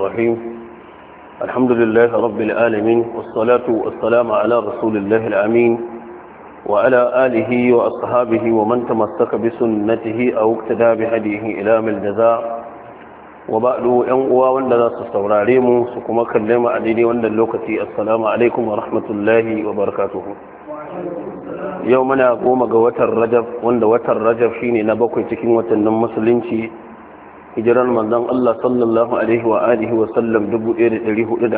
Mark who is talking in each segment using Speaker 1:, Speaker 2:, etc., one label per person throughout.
Speaker 1: الرحيم الحمد لله رب العالمين والصلاة والسلام على رسول الله الأمين وعلى آله وأصحابه ومن تمسك بسنته أو اقتدى بهديه إلى من الجزاء وبعد ينقوى وندنا تستوراريم سكما كلم عليني وند اللوكتي السلام عليكم ورحمة الله وبركاته يومنا قوم قوة الرجب وند وتر رجب شيني نبقى تكين وتنم مسلمشي hijirar manzon Allah sallallahu alaihi wa alihi wa sallam 1441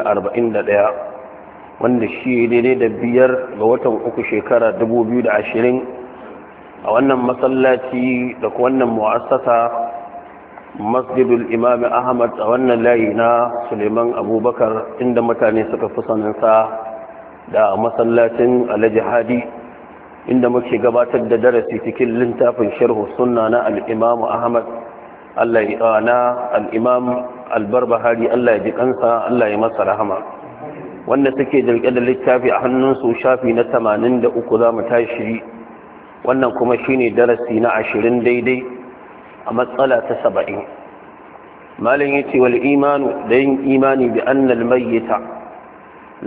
Speaker 1: wanda shi daidai da biyar ga watan uku shekara 2020 a wannan masallaci da wannan mu'assasa masjidul imami ahmad a wannan layi na suleiman abubakar inda mutane suka fi saninsa da masallacin alhaji hadi inda muke gabatar da darasi cikin littafin sharhu sunna na al'imamu ahmad Allah ya na al-imam al-barbahari Allah ya ji kansa Allah ya masa rahama wanda suke jirge da littafi a hannunsu shafi na 83 za mu tashiri wannan kuma shine darasi na 20 daidai a matsala ta 70 malin yace wal imanu da yin imani bi anna Lallai matacce,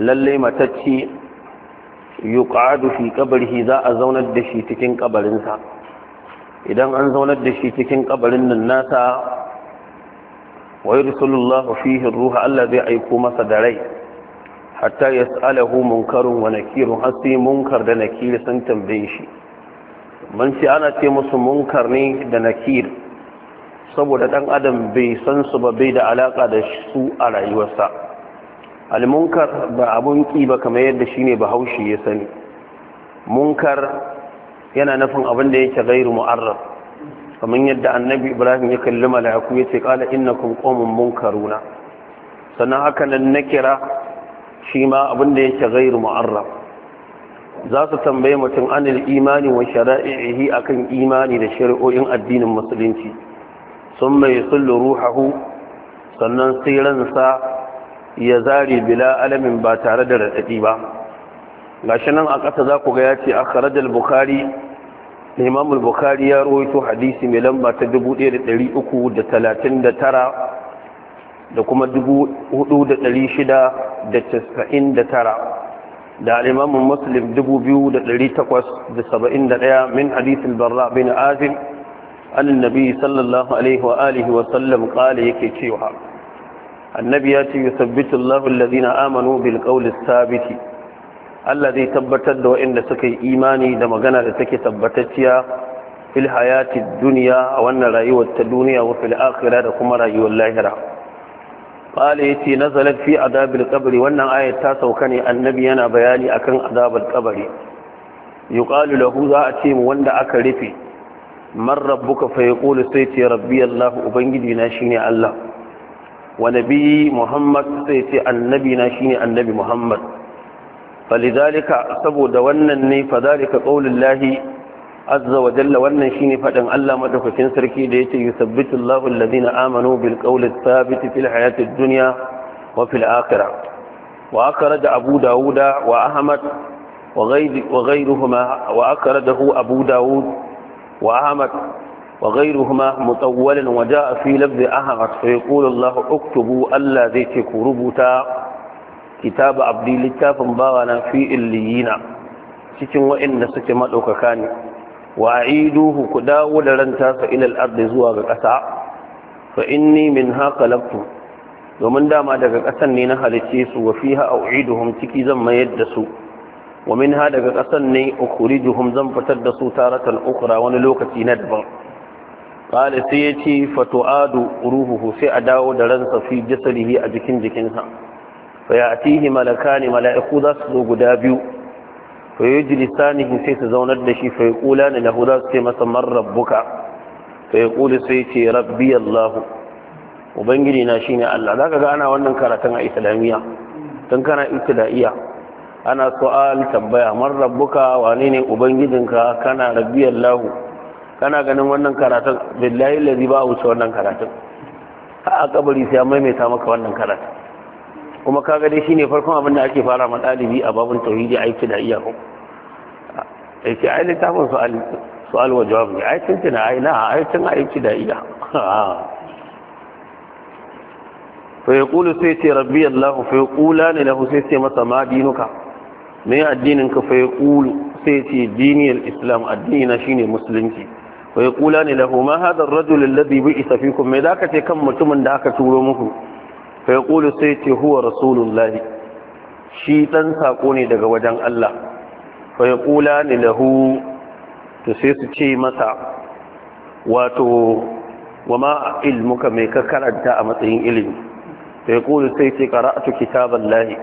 Speaker 1: lalle matacci yuqadu fi qabrihi za a zaunar da shi cikin kabarinsa idan an zaunar da shi cikin kabarin nan nasa wa yursulullahu fihi ruha Allah zai aiko masa da rai hatta yas'alahu munkarun wa nakirun sai munkar da nakir sun tambaye shi man ana ce musu munkar ne da nakir saboda dan adam bai san su ba bai da alaka da su a rayuwarsa almunkar ba abun ki ba kamar yadda shine bahaushe ya sani munkar yana nufin abin da yake gairu mu'arraf kamar yadda annabi ibrahim ya kalli malaku ya ce kala innakum qaumun munkaruna sannan haka nan nakira shi ma abin da yake gairu mu'arraf za su tambaye mutum anil imani wa shara'ihi akan imani da shari'o'in addinin musulunci sun mai sullu ruhahu sannan sai ransa ya zare bila alamin ba tare da raɗaɗi ba gashi nan a ƙasa za ku ga ya ce a kharajar bukari imam bukari ya rawaito hadisi mai lamba ta 1339 da kuma 4699 da imam muslim 2871 min hadisi albarra bin azim an annabi sallallahu alaihi wa alihi wa sallam qala yake cewa annabi ya ce yusabbitu allahu alladhina amanu bil qawli thabiti Allah zai tabbatar da waɗanda suka yi imani da magana da take tabbatacciya fil hayati duniya a wannan rayuwar ta duniya wa fil akhira da kuma rayuwar lahira qala yace nazalat fi adabil qabri wannan ayat ta sauka ne annabi yana bayani akan azabar qabri yuqalu lahu za a ce mu wanda aka rufe man rabbuka fa yaqulu sai ce rabbi allah ubangiji na shine allah wa nabi muhammad sai annabi na shine annabi muhammad falidalika saboda wannan ne fadalika qaulul lahi azza wa jalla wannan shine fadin Allah madaukakin sarki da yake yusabbitu Allahu alladhina amanu bil qawli thabit fil hayatid dunya wa fil akhirah wa akhraj Abu Dawud wa Ahmad wa ghayri wa ghayruhuma wa akhrajahu Abu Dawud wa Ahmad وغيرهما مطولا وجاء في لفظ أهمت فيقول kitaba abdi littafin bawa na fi cikin waɗanda suke maɗaukaka ne wa duhu ku dawo da ran tasa ilal ardi zuwa ga ƙasa fa inni min haka laftu domin dama daga ƙasan ne na halicce su wa fiha au'iduhum ciki zan mayar da su wa minha daga ƙasan ne ukhrijuhum zan fitar da su taratan ukura wani lokaci na daban qala sai yace adu ruhuhu sai a dawo da ransa fi jasadihi a jikin jikinsa fa ya'tihi malakani mala'iku za su zo guda biyu fa hin sai su zaunar da shi fa yaqulani lahu za su ce masa man rabbuka fa kula sai ce rabbi allah ubangiji na shine allah zaka ga ana wannan karatun a islamiyya tun kana ibtida'iyya ana su'al tambaya man rabbuka wane ne ubangijinka kana rabbi allah kana ganin wannan karatun billahi lazi ba wuce wannan karatun a kabari sai maimaita maka wannan karatun kuma kaga dai shine farkon abin da ake fara ma ɗalibi a babun tauhidi a yake da iyako yake ai littafin su'al su'al wa jawab ne ai tuntuna ai na ai tun ai yake da iya fa ya yaqulu sai ce rabbi allah fa ya kula ne lahu sai ce masa ma dinuka me addinin ka fa yaqulu sai ce diniyal islam addini na shine musulunci fa ya kula ne lahu ma hadha ar-rajul alladhi bi'isa fikum me ka ce kan mutumin da aka turo muku fa yaqulu sai ce huwa rasulullahi shi dan sako ne daga wajen Allah fa yaqula ni lahu to sai su ce masa wato wama ilmuka mai ka karanta a matsayin ilimi fa yaqulu sai ce qara'tu kitaballahi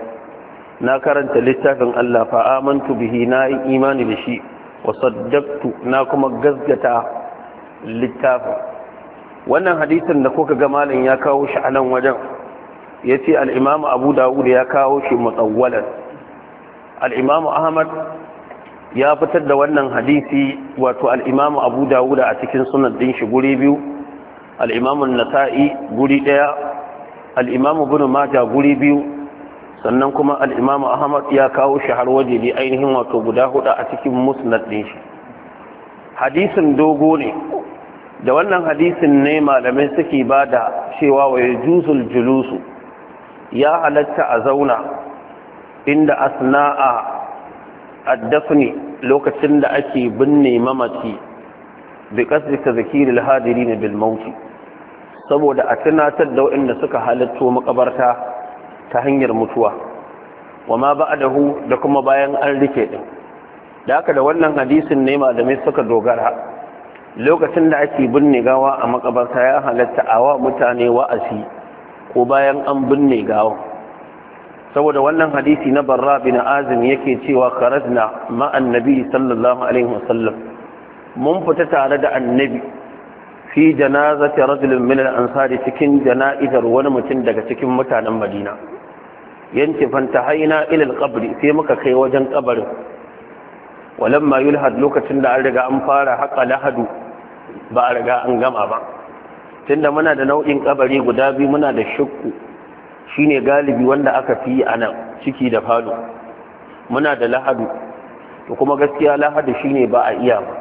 Speaker 1: na karanta littafin Allah fa amantu bihi na yi imani da shi wa saddaqtu na kuma gazgata littafin wannan hadisin da kuka ga malam ya kawo shi a nan wajen ya ce al'imamu abu dawud ya kawo shi matsawwalar al'imamu ahmad ya fitar da wannan hadisi wato al'imamu abu dawud a cikin sunan din shi guri biyu al'imamu nasa'i guri ɗaya al'imamu bin maja guri biyu sannan kuma al'imamu ahmad ya kawo shi har waje ne ainihin wato guda hudu a cikin musnad din shi hadisin dogo ne da wannan hadisin ne malamai suke ba da cewa wa yajuzul julusu ya halatta a zauna inda a addafni lokacin da ake binne mamaci bi kasdika zakiril hadirin bil maut saboda a tunatar da waɗanda suka halatto makabarta ta hanyar mutuwa wama ba'dahu da kuma bayan an rike din da haka da wannan hadisin ne malamai suka dogara lokacin da ake binne gawa a makabarta ya halatta awa mutane wa'azi ko bayan an binne gawon. saboda wannan hadisi na barra bin azim yake cewa kharajna ma'an nabi sallallahu alaihi wasallam mun fita tare da annabi fi janazati rajulin min al-ansari cikin jana'izar wani mutum daga cikin mutanen Madina yanke haina ila al qabr sai muka kai wajen kabarin walamma yulhad lokacin da an riga an fara haƙa lahadu ba a riga an gama ba tunda muna da nau'in kabari guda biyu muna da shukku shine galibi wanda aka fi a nan ciki da falo muna da lahadu to kuma gaskiya lahadu shine ba a iya ba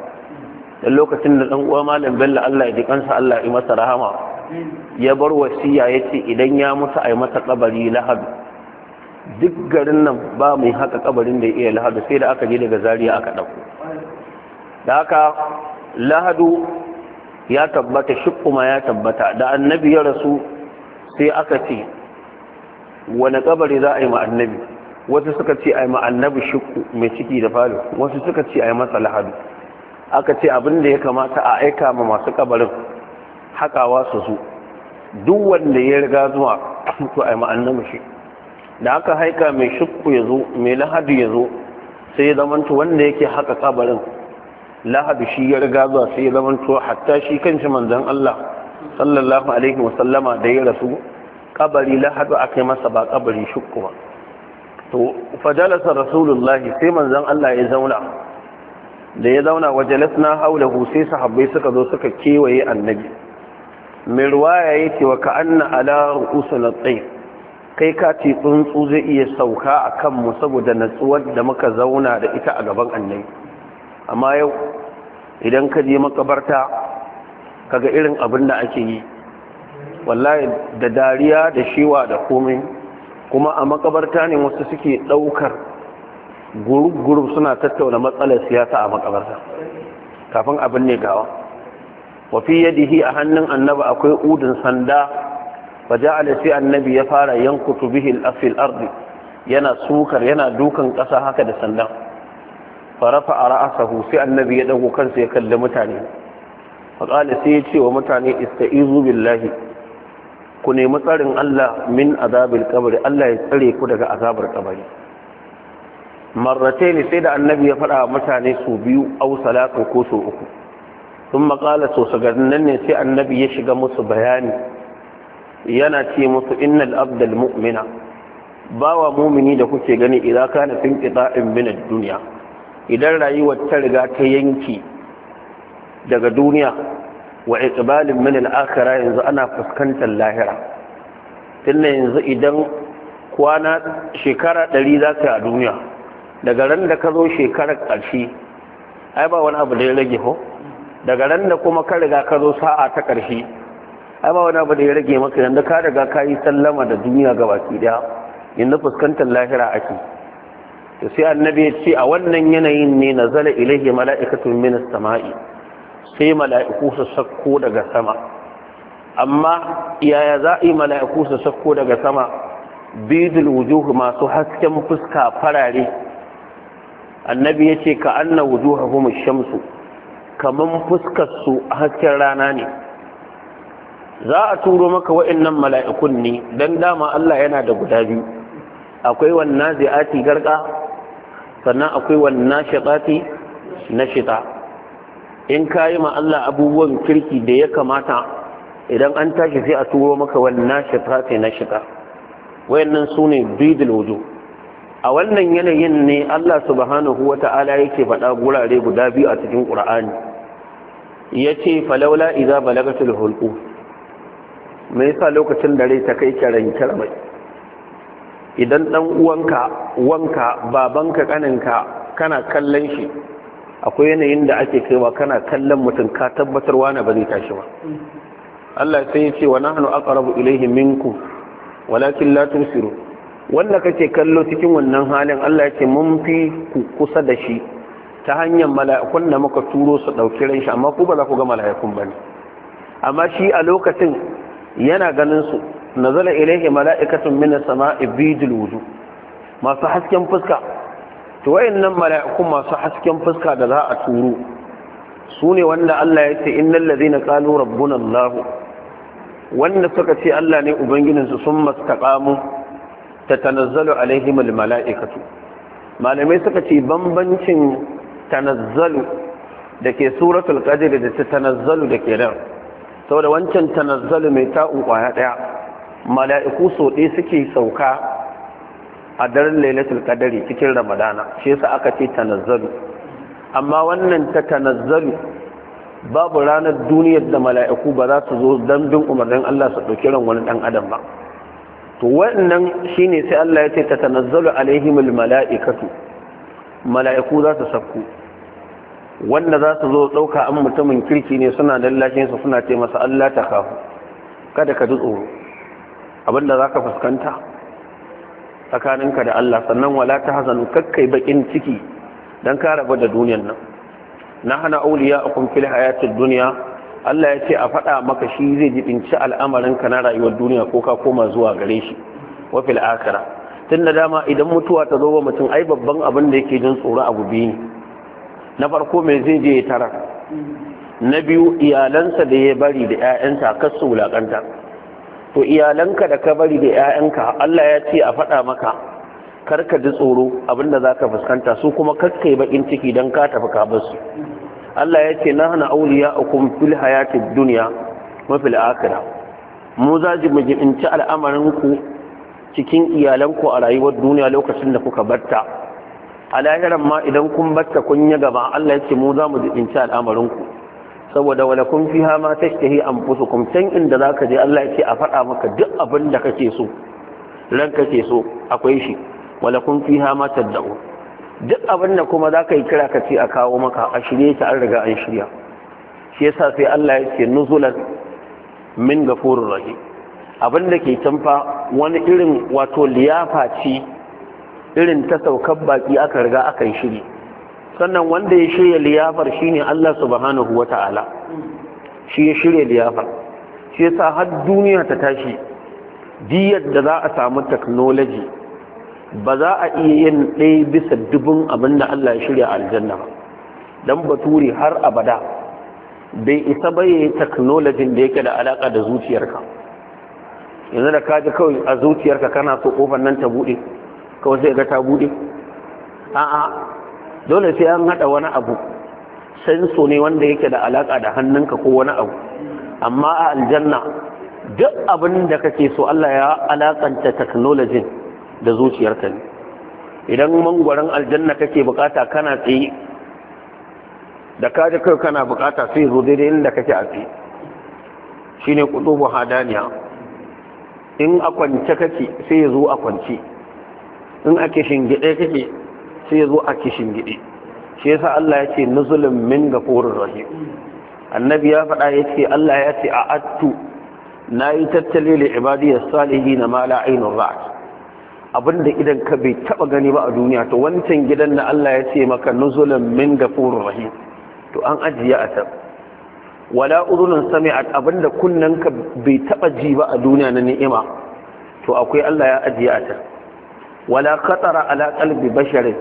Speaker 1: dan lokacin da dan uwa malam bello Allah ya ji kansa Allah ya masa rahama ya bar wasiya yace idan ya mutu ai masa kabari lahadu duk garin nan ba mai haka kabarin da iya lahadu sai da aka je daga Zariya aka dauko da haka lahadu ya tabbata shiqqu ma ya tabbata da annabi ya rasu sai aka ce wani kabari za a yi ma annabi wasu suka ce a yi ma annabi mai ciki da falo wasu suka ce a yi masa lahadu aka ce abin da ya kamata a aika ma masu kabarin hakawa su su duk wanda ya riga zuwa to a yi ma shi da aka haika mai shiqqu ya zo mai lahadu ya zo sai ya zamanta wanda yake haka kabarin lahadi shi ya riga zuwa sai ya zama to hatta shi kanshi manzan Allah sallallahu alaihi da ya rasu kabari lahadu akai masa ba kabari shukku ba to fajalasa rasulullahi sai manzon Allah ya zauna da ya zauna wa jalasna haulahu sai sahabbai suka zo suka kewaye annabi mai ruwaya yake wa ka'anna ala na tsaye. kai ka ce tsuntsu zai iya sauka a mu saboda natsuwar da muka zauna da ita a gaban annabi amma yau idan ka je makabarta kaga irin abin da ake yi wallahi da dariya da shiwa da komai kuma a makabarta ne wasu suke daukar gurub suna tattauna matsalar siyasa a makabarta kafin abin ne gawa wa fi yadihi a hannun annaba akwai udin sanda wa ja'ala sai annabi ya fara yankutu bihi afil ardi yana sukar yana dukan kasa haka da sandan farafa a ra'asahu sai annabi ya dago kansa ya kalli mutane faƙali sai ya ce wa mutane ista'izu billahi ku nemi tsarin Allah min azabil kabari Allah ya tsare ku daga azabar kabari marrate ne sai da annabi ya faɗa mutane su biyu au salatu ko su uku sun maƙala so nan ne sai annabi ya shiga musu bayani yana ce musu innal abdal mu'mina bawa mumini da kuke gani idan kana fin qita'in min ad-dunya idan rayuwar ta riga ta yanki daga duniya wa iqbalin min al-akhirah yanzu ana fuskantar lahira tunda yanzu idan kwana shekara 100 za ka a duniya daga ran da ka zo shekarar ƙarshe ai ba wani abu da ya rage ho daga ran da kuma ka riga ka zo sa'a ta ƙarshe ai ba wani abu da ya rage maka yanzu ka riga ka yi sallama da duniya gabaki daya yanzu fuskantar lahira ake to sai annabi ya ce a wannan yanayin ne nazala ilaihi mala'ikatun min samai sai mala'iku su sakko daga sama amma yaya za a yi mala'iku su sakko daga sama bidul wujuhu masu hasken fuska farare annabi ya ce ka wujuhu wujuhahum shamsu kaman fuskar su hasken rana ne za a turo maka waɗannan mala'ikun ne dan dama Allah yana da guda biyu akwai wannan zai'ati garka sannan akwai wannan shiqati na shiɗa. in yi ma Allah abubuwan kirki da ya kamata idan an tashi sai a turo maka wannan shiqati na shita wayannan sune bidil wudu a wannan yanayin ne Allah subhanahu wata'ala yake faɗa gurare guda biyu a cikin ya ce falaula idza balagatul hulqu me yasa lokacin da rai ta kai kiran kirmai idan dan uwanka wanka babanka kaninka kana kallon shi akwai yanayin da ake kaiwa kana kallon mutum ka tabbatar wani ba zai tashi ba Allah sai ya ce wa nahnu aqrabu ilayhi minkum walakin la tusiru wanda kake kallo cikin wannan halin Allah ya ce mun fi ku kusa da shi ta hanyar mala'ikun da muka turo su dauki ran shi amma ku ba za ku ga mala'ikun bane amma shi a lokacin yana ganin su nazala ilaihi mala'ikatun min as-sama'i bidul wujuh masu hasken fuska to wayannan mala'ikun masu hasken fuska da za a turo su ne wanda Allah ya ce innal ladhina qalu rabbuna Allah wanda suka ce Allah ne ubangijinsu sun mastaqamu tatanazzalu alaihim almala'ikatu malamai suka ce bambancin tanazzalu da ke suratul qadr da tanazzalu da ke nan saboda wancan tanazzalu mai ta'un kwaya daya mala'iku so ɗaya suke sauka a daren lailatul kadari cikin ramadana shi yasa aka ce tanazzalu amma wannan ta tanazzalu babu ranar duniyar da mala'iku ba za su zo don bin umarnin Allah su ɗauki ran wani ɗan adam ba to wannan shine sai Allah ya ce ta tanazzalu alaihimul mala'ikatu mala'iku za su sakku wanda za su zo ɗauka an mutumin kirki ne suna lallashin su suna ce masa Allah ta kafu kada ka ji tsoro abinda za ka fuskanta tsakaninka da Allah sannan wala ta hazanu kakkai bakin ciki don ka rabu da duniyan nan na hana auliya a kumfil hayatun duniya Allah ya ce a faɗa maka shi zai ji al'amarin al'amarinka na rayuwar duniya ko ka koma zuwa gare shi wafil akara tun da dama idan mutuwa ta zo wa mutum ai babban abin da yake jin tsoro abu biyu ne na farko mai zai je ya tara na biyu iyalansa da ya bari da 'ya'yansa kasu wulaƙanta to iyalanka da ka bari da 'ya'yanka Allah ya ce a faɗa maka karka ji tsoro abinda za ka fuskanta su kuma kakkai bakin ciki don ka tafi ka su Allah ya ce na hana auliya a kun fil hayatin duniya mafi la'akira mu za ji mu jibinci al'amarinku cikin iyalanku a rayuwar duniya lokacin da kuka batta a lahiran ma idan kun batta kun yi gaba Allah ya ce mu za mu jibinci al'amarinku saboda wala kun fiha ma tashtahi anfusukum can inda zaka je Allah ya ce a faɗa maka duk abin da kake so ran ke so akwai shi wala kun fiha ma tad'u duk abin da kuma zaka yi kira ka ce a kawo maka a shirye ta an riga an shirya shi yasa sai Allah ya ce nuzulan min gafurur rahim abin da ke fa wani irin wato liyafa ce irin ta saukar baki aka riga akan shiri sannan wanda ya shirya liyafar shine Allah subhanahu ta'ala. shi ya shirya liyafar shi yasa har duniya ta tashi diyar da za a samu technology ba za a iya yin ɗaya bisa dubin abinda Allah ya shirya aljanna ba dan baturi har abada bai isa baye technology da yake da alaka da zuciyarka yanzu da kaji kawai a zuciyarka kana so ƙofar nan ta buɗe kawai sai ga ta buɗe? a'a dole sai an haɗa wani abu so ne wanda yake da alaƙa da hannunka ko wani abu amma a aljanna duk abin da kake so Allah ya alaƙanta technology da zuciyarka ne idan mangwaron aljanna kake bukata kana tsaye da ka ji kai kana bukata sai zo daidai inda kake a tsaye shine kudubu hadaniya in a kwance kake sai zo a kwance in ake shingide kake sai ya zo a kishin gidi shi yasa Allah ya ce nuzulun min ga furin rahim annabi ya faɗa ya ce Allah ya ce a attu na yi tattale da ibadiyar salihi na mala ainihin ra'ad abinda idan ka bai taɓa gani ba a duniya to wancan gidan da Allah ya ce maka nuzulun min ga furin rahim to an ajiye a tab wala uzunin sami'at abinda kunnen ka bai taɓa ji ba a duniya na ni'ima to akwai Allah ya ajiye a tab wala khatara ala qalbi basharin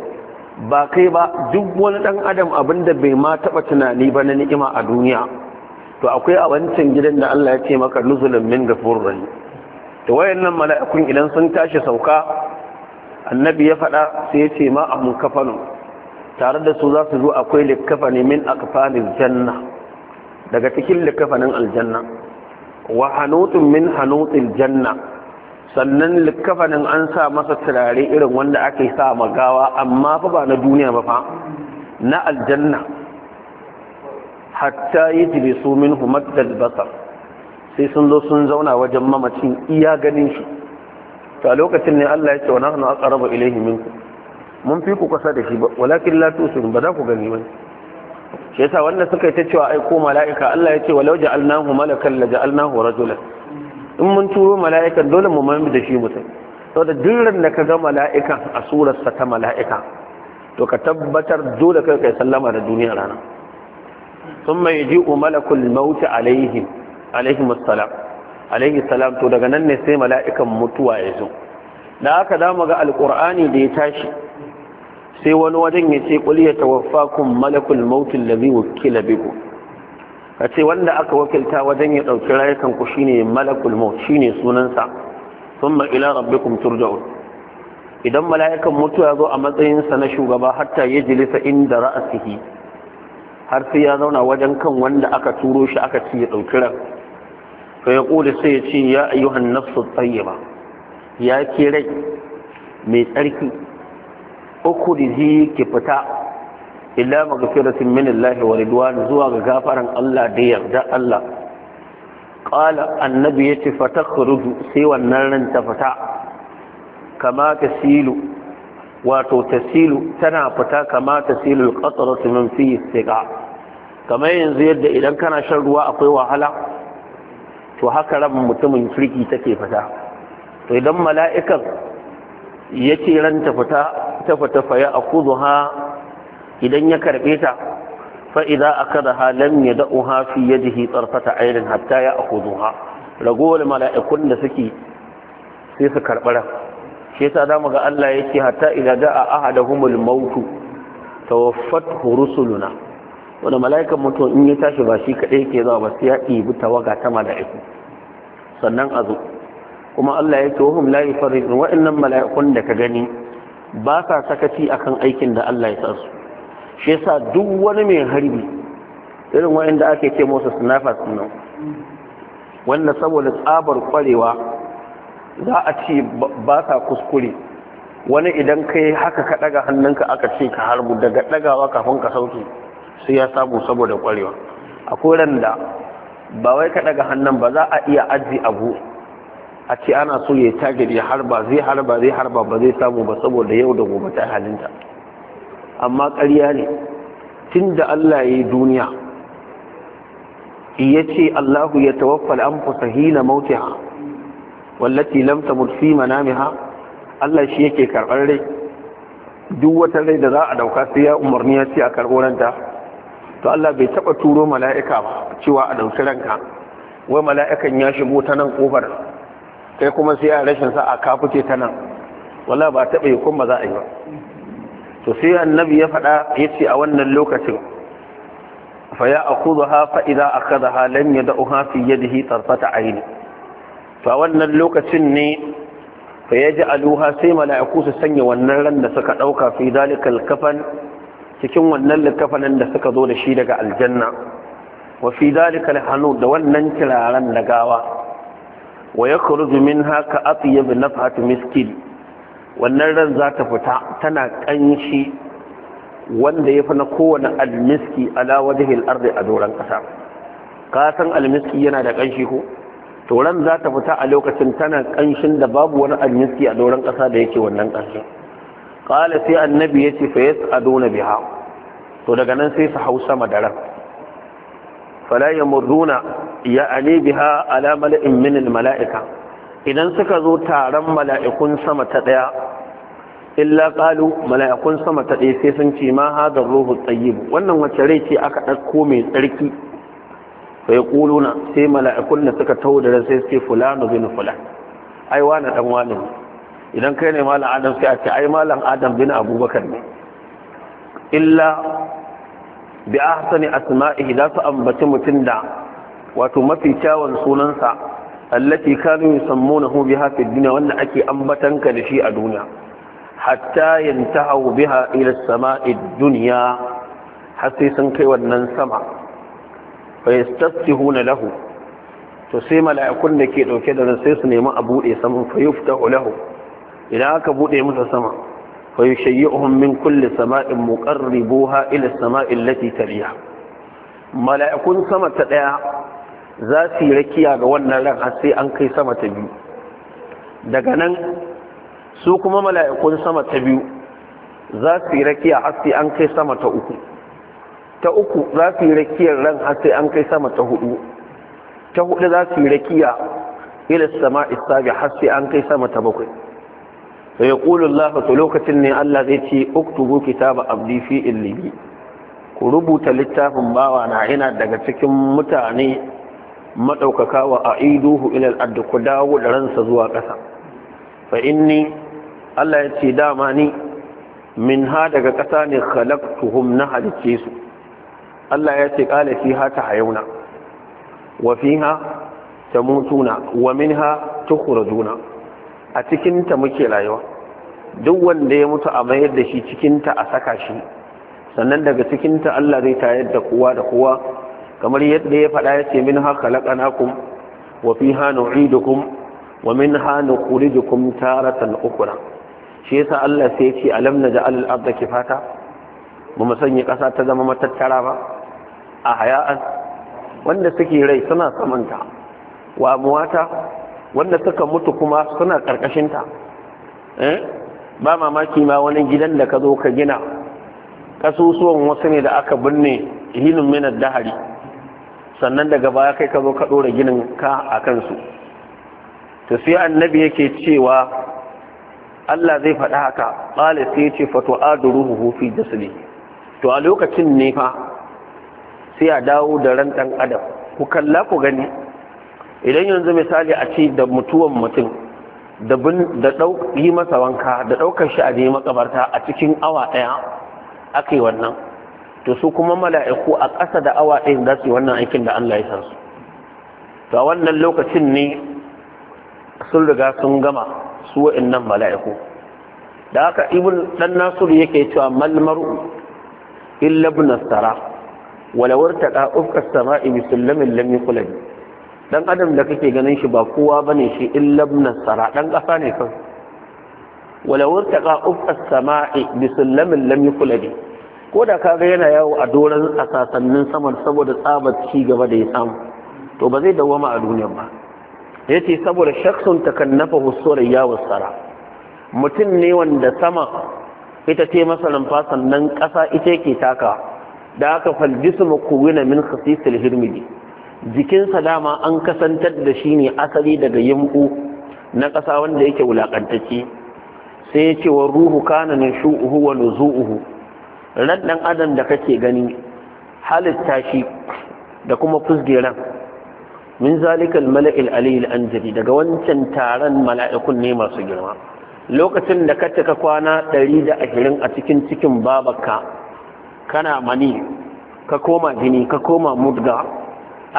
Speaker 1: ba kai ba duk wani ɗan adam abin da bai ma taɓa tunani ba na ni'ima a duniya to akwai a wancan gidan da Allah ya ce maka nuzulun min ga rahim to wayannan mala'ikun idan sun tashi sauka annabi ya faɗa sai ya ce ma amun kafanu tare da su za su zo akwai likafani min akfanil janna daga cikin likafanin aljanna wa hanutun min hanutil janna sannan likkafanin an sa masa turare irin wanda aka yi sa magawa amma fa ba na duniya ba fa na aljanna hatta yi jiri su min humaddal basar sai sun zo sun zauna wajen mamacin iya ganin shi ta lokacin ne Allah ya ce wa nahnu aqrabu ilayhi minkum mun fi ku kasa da shi ba walakin la tusirun ba za ku gani ba shi yasa wanda suka yi ta cewa ai ko mala'ika Allah ya ce walau ja'alnahu malakan la ja'alnahu rajulan in mun turo mala'ikan dole mu mami da shi mutum da duk da ka ga mala'ikan a surarsa ta mala'ika to ka tabbatar dole kai kai sallama da duniya rana sun mai ji umalakul mauti alaihim alaihim assalam alaihi salam to daga nan ne sai mala'ikan mutuwa ya zo da haka za mu ga alƙur'ani da ya tashi sai wani wajen ya ce ƙuli ya tawaffa kun malakul mautin da zai wakila biku a ce wanda aka wakilta wajen ya ɗauki rayukanku ku shine malakul shi shine sunansa thumma ila rabbikum turja'un idan mala'ikan mutuwa zo a matsayinsa na shugaba hatta jilisa inda ra'asihi har sai ya zauna wajen kan wanda aka turo shi aka ce ya ɗauki ran fa ya sai ya ce ya ayyuhan nafsu tayyiba ya ke rai mai tsarki uku ki fita illa maghfiratin min Allah wa ridwan zuwa ga gafaran Allah da yarda Allah qala annabi yace fatakhruju sai wannan ran ta fita kama tasilu wato tasilu tana fita kama tasilu alqatratu min fi istiqa kamar yanzu yadda idan kana shan ruwa akwai wahala to haka ran mutumin kirki take fita to idan mala'ikan yace ran ta fita ta fita fa ya akuzuha idan ya karɓe ta fa idza akadaha lam yad'uha fi yadihi tarfata aynin hatta ha, ragowar mala'ikun da suke sai su karɓara. shi za zamu ga Allah yake hatta da humul mautu, maut tawaffathu rusuluna wanda mala'ikan mutum in ya tashi ba shi kadai ke zuwa ba sai ya ɗibi tawaga ta mala'iku sannan a zo kuma Allah yake wahum la yufarridun wa'annan mala'ikun da ka gani ba sa sakaci akan aikin da Allah ya sa su shi yasa duk wani mai harbi irin da ake ce musu snipers nan wanda saboda tsabar kwarewa za a ce ba sa kuskure wani idan kai haka ka daga hannunka aka ce ka harbu daga ɗagawa kafin ka sauke sai ya samu saboda kwarewa akwai randa ba wai ka daga hannun ba za a iya aji abu a ce ana so ya target ya harba zai harba zai harba ba zai samu ba saboda yau da gobe ta halinta amma ƙarya ne tunda Allah ya yi duniya ya ce Allahu ya tawaffal an fasahina mautiha wallaci lamta mutfi manamiha Allah shi yake karɓar rai duk wata rai da za a ɗauka sai ya umarni ya ce a karɓoranta to Allah bai taɓa turo mala'ika ba cewa a ɗauki ranka wai mala'ikan ya shigo ta nan ƙofar kai kuma sai a rashin a kafuce ta nan wala ba taɓa yi kuma za a yi ba to sai annabi ya faɗa ya ce a wannan lokacin fa ya akhudha fa idza akhadha lam yad'uha fi yadihi tarfata ayni to a wannan lokacin ne fa yaj'aluha sai mala'iku su sanya wannan ran da suka dauka fi zalikal kafan cikin wannan likafanin da suka zo da shi daga aljanna wa fi zalikal hanu da wannan kiraran da gawa wa yakhruju minha ka atyab nafhat miskin wannan ran za ta fita tana ƙanshi wanda ya fi na kowane almiski ala wajihil ardi a doron ƙasa ka san almiski yana da ƙanshi ko to ran za ta fita a lokacin tana ƙanshin da babu wani almiski a doron ƙasa da yake wannan ƙanshin ƙala sai annabi ya ce fa yas aduna biha to daga nan sai su hau sama da ran fala ya ane biha ala mala'in mala'ika idan suka zo taron mala'ikun sama ta ɗaya illa ƙalu, mala'ikun sama ta ɗaya sai sun ce ma hadar ruhu tsayyib wannan wace rai ce aka ɗauko mai tsarki fa yaquluna sai mala'ikun da suka taho da sai su ce bin fulan ai wani dan wani idan kai ne malam adam sai a ce ai malam adam bin abubakar ne illa bi ahsani asma'ihi za su ambaci mutum da wato mafi kyawun sunansa allati kanu yusammunahu biha fi dunya wanda ake ambatan ka da shi a duniya hatta yantahu biha ila as-sama'i ad har sai sun kai wannan sama fa yastaftihuna lahu to sai mala'ikun da ke dauke da sai su nemi a bude saman fa yuftahu lahu idan aka bude masa sama fa kulle min kulli sama'in muqarribuha ila as-sama'i allati taliha mala'ikun sama ta ɗaya za su yi rakiya ga wannan ran har sai an kai sama ta biyu daga nan su kuma mala'ikun sama ta biyu za su yi rakiya har sai an kai sama ta uku ta uku za su yi rakiyar ran har sai an kai sama ta hudu ta hudu za su yi rakiya ila sama isabi har sai an kai sama ta bakwai da ya Allah ta lokacin ne Allah zai ce uktubu kitaba abdi fi illibi ku rubuta littafin bawa na ina daga cikin mutane madaukaka wa aiduhu ila al-ard ku dawo da ransa zuwa ƙasa fa inni Allah ya ce dama ni min ha daga ƙasa ne khalaqtuhum na halicce su Allah ya ce qala fiha tahayuna wa fiha tamutuna wa minha tukhrajuna a cikin ta muke rayuwa duk wanda ya mutu a mayar da shi cikin ta a saka shi sannan daga cikin ta Allah zai tayar da kowa da kowa kamar yadda ya faɗa ya ce minha khalaqnakum wa fiha nu'idukum wa minha nukhrijukum taratan ukhra shi yasa Allah sai ya ce alam naj'al al-ardha kifata ba mu sanya ƙasa ta zama matattara ba a haya'an wanda suke rai suna samanta wa muwata wanda suka mutu kuma suna ƙarƙashinta eh? ba mamaki ma wani gidan da ka zo ka gina ƙasusuwan wasu ne da aka binne hinin minar dahari sannan daga baya kai ka zo ka ɗora ginin ka a kansu to sai annabi yake cewa Allah zai faɗa haka qala sai yace fa da su ne. to a lokacin ne fa sai a dawo da ran ɗan adam ku kalla ku gani idan yanzu misali a ce da mutuwan mutum da ɗauki masa wanka da ɗaukar shi a ne makabarta a cikin awa ɗaya aka yi wannan to su kuma mala'iku a ƙasa da awa ɗayan za su yi wannan aikin da Allah ya san su to a wannan lokacin ne sun riga sun gama su wa'annan mala'iku da haka ibn dan nasiru yake cewa malmaru illa ibn sara walawar ta da ufka sama'i bi sullamin lam yuqlad dan adam da kake ganin shi ba kowa bane shi illa ibn sara dan kasa ne kan walawar ta da ufka sama'i bi sullamin lam yuqlad ko da kaga yana yawo a doran asasannin saman saboda tsabar ci gaba da ya samu to ba zai dawama a duniyar ba ya ce saboda shaksun ta kan nafa yawon tsara mutum ne wanda sama ita ce masa fasan nan ƙasa ita yake taka da aka faljisu na min khasisil hirmidi jikinsa dama an kasantar da shi ne asali daga yambu na ƙasa wanda yake wulaƙantacce sai ya ce wa ruhu kana shu shu'uhu wa uhu ran ɗan adam da kake gani halitta shi da kuma fusgeran min zalikal mala'il aliyil anjali daga wancan taron mala'ikun ne masu girma lokacin da ka cika kwana 120 a cikin cikin babaka kana mani ka koma gini ka koma mudga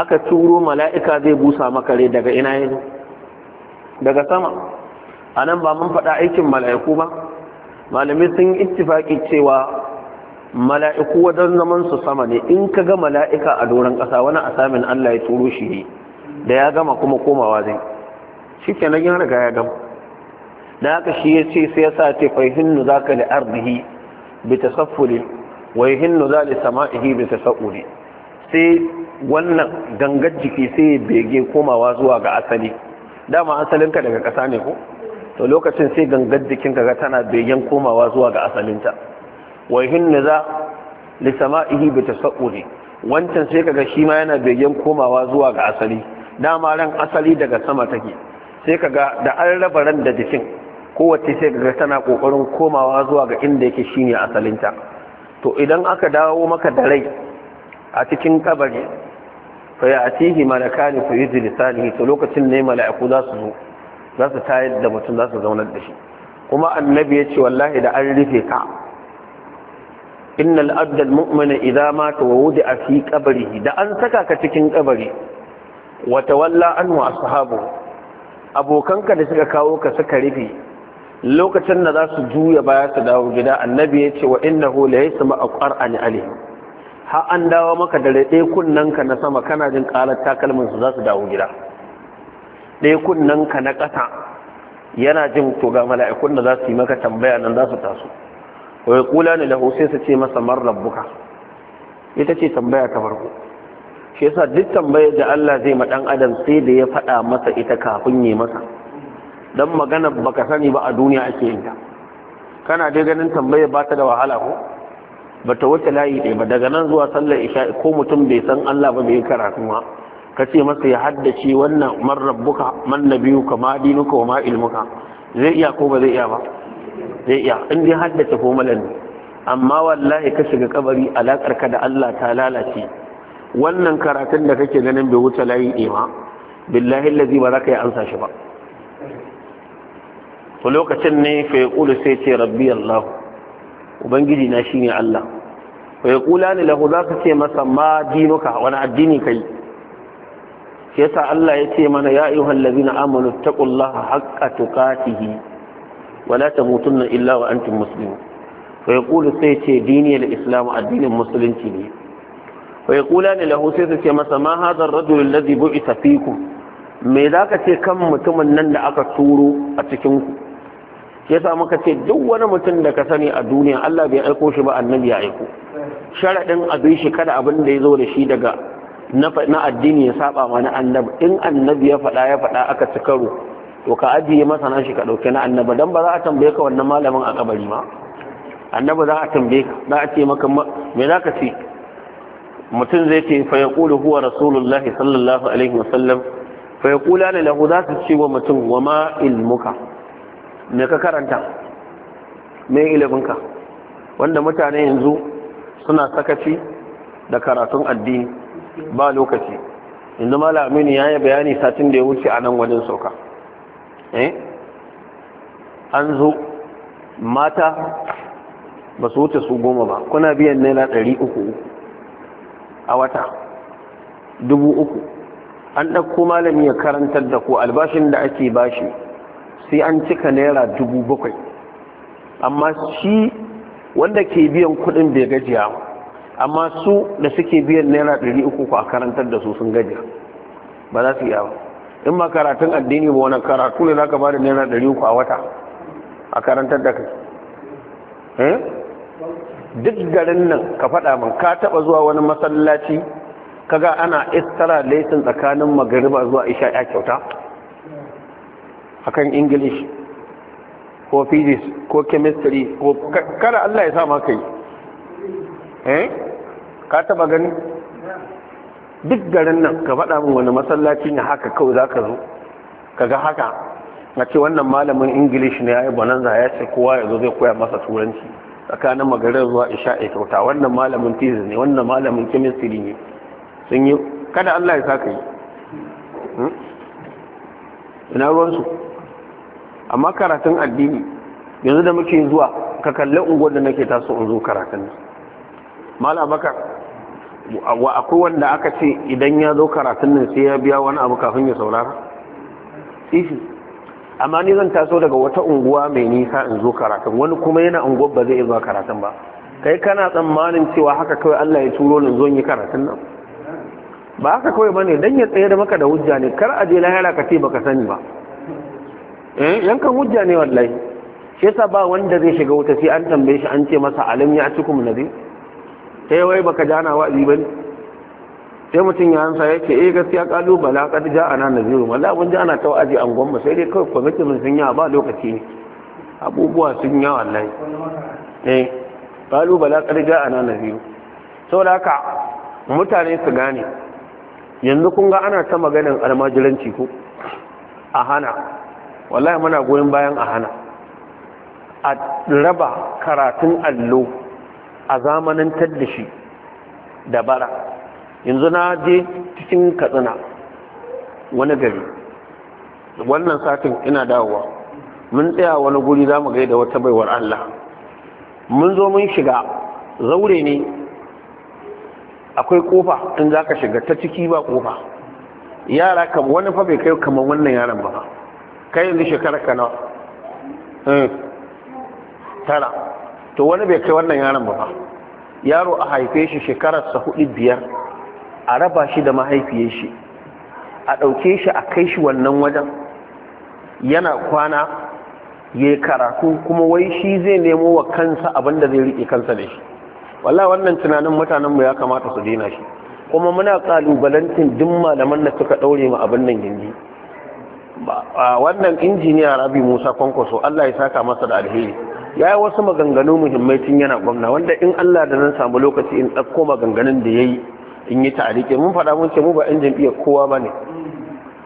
Speaker 1: aka turo mala'ika zai busa maka rai daga ina yanzu daga sama a nan ba mun faɗa aikin mala'iku ba Malami sun ittifaki cewa mala'iku wajen zaman su sama ne in ka ga mala'ika a doron ƙasa wani asamin Allah ya turo shi ne da ya gama kuma komawa zai shi ke nan riga ya gama da haka shi ya ce sai ya sa ce fai hinnu za ka li'ardihi bi tasaffuli wai hinnu za li sama'ihi bi tasawuli sai wannan gangar jiki sai bege komawa zuwa ga asali dama asalinka daga ƙasa ne ko to lokacin sai gangar jikinka ga tana begen komawa zuwa ga asalinta wai hinnu za li sama'ihi bi tasawuli wancan sai kaga shi ma yana begen komawa zuwa ga asali dama ran asali daga sama take sai kaga da an raba ran da jikin kowace sai kaga tana kokarin komawa zuwa ga inda yake shine asalinta to idan aka dawo maka da rai a cikin kabari fa su malakani fa yujlisanihi to lokacin ne mala'iku za su zo za su tayar da mutum za su zauna da shi kuma annabi ya ce wallahi da an rufe ka innal abdal mu'mina idha mata wa wudi'a fi qabrihi da an saka ka cikin kabari wata walla an wa sahabu abokanka da suka kawo ka suka rufe lokacin da za su juya baya su dawo gida annabi ya ce wa innahu la yasma aqran ali ha an dawo maka da rade ka na sama kana jin karar takalmin su za su dawo gida ɗaya ka na ƙasa yana jin to ga mala'ikun da za su yi maka tambaya nan za su taso wa yaqulani lahu sai su ce masa mar rabbuka ita ce tambaya ta farko shi yasa duk tambayar da Allah zai ma dan adam sai da ya faɗa masa ita kafin yi masa dan magana baka sani ba a duniya ake yin ta kana dai ganin tambayar ba ta da wahala ko bata wuce layi ɗaya ba daga nan zuwa sallar isha ko mutum bai san Allah ba bai karatu ma ka masa ya haddace wannan man rabbuka man nabiyuka ma dinuka wa ma ilmuka zai iya ko ba zai iya ba zai iya in dai haddace ko malami, amma wallahi ka shiga kabari alakar ka da Allah ta lalace wannan karatun da kake ganin bai wuce layi ɗima billahi lazi ba za ka yi ansa shi ba to lokacin ne fa yaqulu sai ce rabbi allah ubangiji na shine allah fa yaqulani lahu za ka ce masa ma dinuka wani addini kai shi yasa allah ya ce mana ya ayyuhal ladina amanu taqullaha haqqa tuqatihi wala tamutunna illa wa antum muslimun fa yaqulu sai ce dini al-islam addinin musulunci ne wa yaqulani lahu sai su ce masa ma hadha ar-rajul alladhi bu'itha fikum me ka ce kan mutumin nan da aka turo a cikinku? ku yasa muka ce duk wani mutum da ka sani a duniya Allah bai aiko shi ba annabi ya aiko sharadin abin shi kada abin da ya zo da shi daga na addini ya saba ma na annabi in annabi ya faɗa ya faɗa aka ci karo to ka ajiye masa na shi ka ɗauki na annabi dan ba za a tambaye ka wannan malamin a kabari ma annabi za a tambaye ka za a ce maka me za ka ce mutum zai ce fa yaqulu huwa rasulullah sallallahu alaihi wasallam fa yaqula la lahu za su ce wa mutum wa ma ilmuka me ka karanta me iliminka wanda mutane yanzu suna sakaci da karatun addini ba lokaci yanzu malam aminu ya yi bayani satin da ya wuce a nan wajen sauka eh an zo mata ba su wuce su goma ba kuna biyan naira ɗari uku a wata dubu uku an ɗauko malami ya karantar da ku albashin da ake bashi sai an cika naira dubu bakwai amma shi wanda ke biyan kuɗin bai gajiya amma su da suke biyan naira ɗari uku ku a karantar da su sun gajiya ba za su yi ba in ma karatun addini ba wani karatu ne za ka ba da naira ɗari uku a wata a karantar da kai eh? duk garin nan ka faɗa min ka taɓa zuwa wani masallaci kaga ana istara laifin tsakanin magariba zuwa isha ya kyauta akan english ko physics ko chemistry ko kada allah ya sa ma eh ka taɓa gani duk garin nan ka faɗa min wani masallaci ne haka kawai za ka zo kaga haka a ce wannan malamin ingilish ne ya yi bonanza ya ce kowa ya zo zai koya masa turanci tsakanin magarin zuwa a kyauta wannan malamin thesis ne wannan malamin kimistiri ne sun yi kada Allah ya saka yi hmm? ina ruwansu amma karatun addini yanzu da muke zuwa ka kalli unguwar da nake taso in zo karatun mala bakar wa akwai wanda aka ce idan ya zo karatun nan sai ya biya wani abu kafin ya saurara amma ni zan taso daga wata unguwa mai nisa in zo karatun wani kuma yana unguwa ba zai iya zuwa karatun ba kai kana tsammanin cewa haka kawai Allah ya turo ni zo yi karatun nan ba haka kawai bane dan ya tsaye da maka da hujja ne kar aje je lahira ka ce baka sani ba eh yankan hujja ne wallahi shi yasa ba wanda zai shiga wuta sai an tambaye shi an ce masa alam ya cikum nabi kai wai baka jana wa'azi bane sai mutum ya hansa ya ce eh gaskiya kalubala kad ja ana naziru wallahi abun ja ana ta aji an gwamma sai dai kawai kwamitin sun yawa ba lokaci ne abubuwa sun yawa wallahi eh kalubala kad ja ana so da ka, mutane su gane yanzu kun ga ana ta maganin almajiranci ko a hana wallahi muna goyon bayan a hana a raba karatun allo a zamanin tallashi da bara yanzu na je cikin katsina wani gari wannan satin ina dawowa mun tsaya wani guri za mu gaida wata baiwar Allah mun zo mun shiga zaure ne akwai kofa in za ka shiga ta ciki ba kofa yara kam wani fa bai kai kamar wannan yaran ba kai yanzu shekarar ka nawa eh, tara to wani bai kai wannan yaran ba yaro a haife shi sa hudu biyar a raba shi da mahaifiyar shi a ɗauke shi a kai shi wannan wajen yana kwana ya karatu kuma wai shi zai nemo wa kansa abinda zai riƙe kansa da shi wallah wannan tunanin mutanenmu ya kamata su dina shi kuma muna ƙalubalantin duk malaman da suka ɗaure mu abin nan gindi wannan injiniya rabi musa kwankwaso allah ya saka masa da alheri ya yi wasu maganganu muhimmai tun yana gwamna wanda in allah da nan samu lokaci in ɗauko maganganun da ya yi in yi tarike mun faɗa mun ce mu ba 'yan jam'iyyar kowa ba ne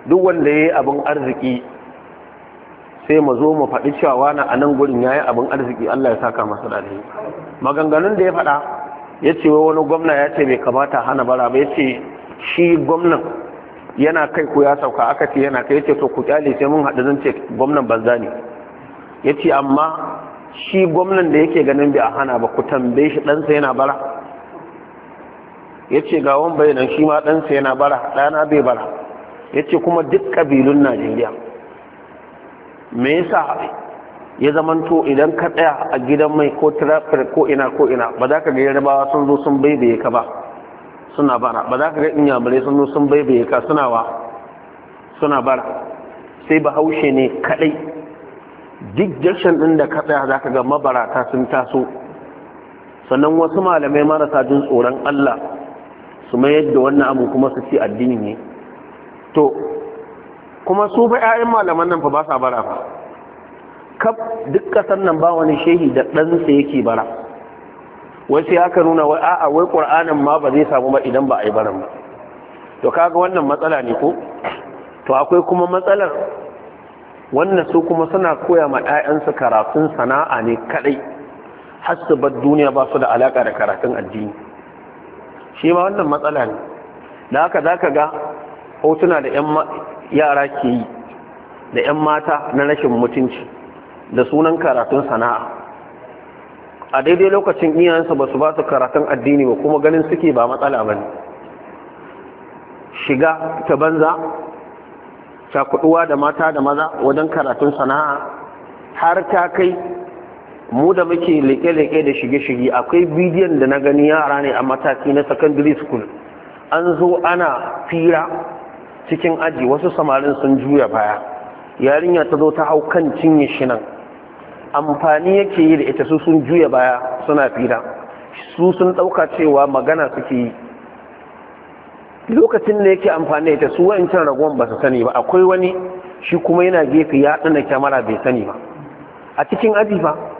Speaker 1: duk wanda ya yi abin arziki sai mu zo mu faɗi cewa wani a nan gurin ya yi abin arziki Allah ya saka masa da maganganun da ya faɗa ya ce wani gwamna ya ce bai kamata hana bara ba ya ce shi gwamnan yana kai ko ya sauka aka ce yana kai ya ce to ku kyale sai mun haɗu zan ce gwamnan banza ne ya ce amma shi gwamnan da yake ganin bai a hana ba ku tambaye shi ɗansa yana bara yace ga wan bayanan shi ma ɗansa yana bara dana bai bara ya ce kuma duk kabilun Najeriya me yasa ya zamanto idan ka tsaya a gidan mai ko tirafir ko ina ko ina ba za ka ga yarbawa sun zo sun baibaye ka ba suna bara ba za ka ga inyamurai sun zo sun baibaye ka suna wa suna bara sai bahaushe ne kaɗai duk jakshan ɗin da ka tsaya za ka ga mabarata sun taso sannan wasu malamai marasa jin tsoron Allah su mai da wannan abu kuma su ci addini ne to kuma su fa 'ya'yan malaman nan fa ba sa bara fa kaf duk ƙasar nan ba wani shehi da ɗansa yake bara wai sai aka nuna wai a'a wai ƙur'anin ma ba zai samu ba idan ba a yi baran ba to kaga wannan matsala ne ko to akwai kuma matsalar wannan su kuma suna koya ma su karatun sana'a ne kaɗai har duniya ba su da alaka da karatun addini shi ma wannan matsala ne da haka za ka ga hotuna da yara ke yi da 'yan mata na rashin mutunci da sunan karatun sana'a a daidai lokacin iyayensa ba su ba su karatun addini ba kuma ganin suke ba matsala ba ne shiga ta banza cakuduwa da mata da maza wajen karatun sana'a har ta kai mu da muke leke-leke da shige-shige akwai bidiyon da na gani yara ne a mataki na secondary school an zo ana fira cikin aji wasu samarin sun juya baya yarinya ta zo ta hau kan cinye shi nan amfani yake yi da ita su sun juya baya suna fira su sun ɗauka cewa magana suke yi lokacin da yake amfani da ita su can ragon ba su sani ba akwai wani shi kuma yana gefe ya ɗana kyamara bai sani ba a cikin aji ba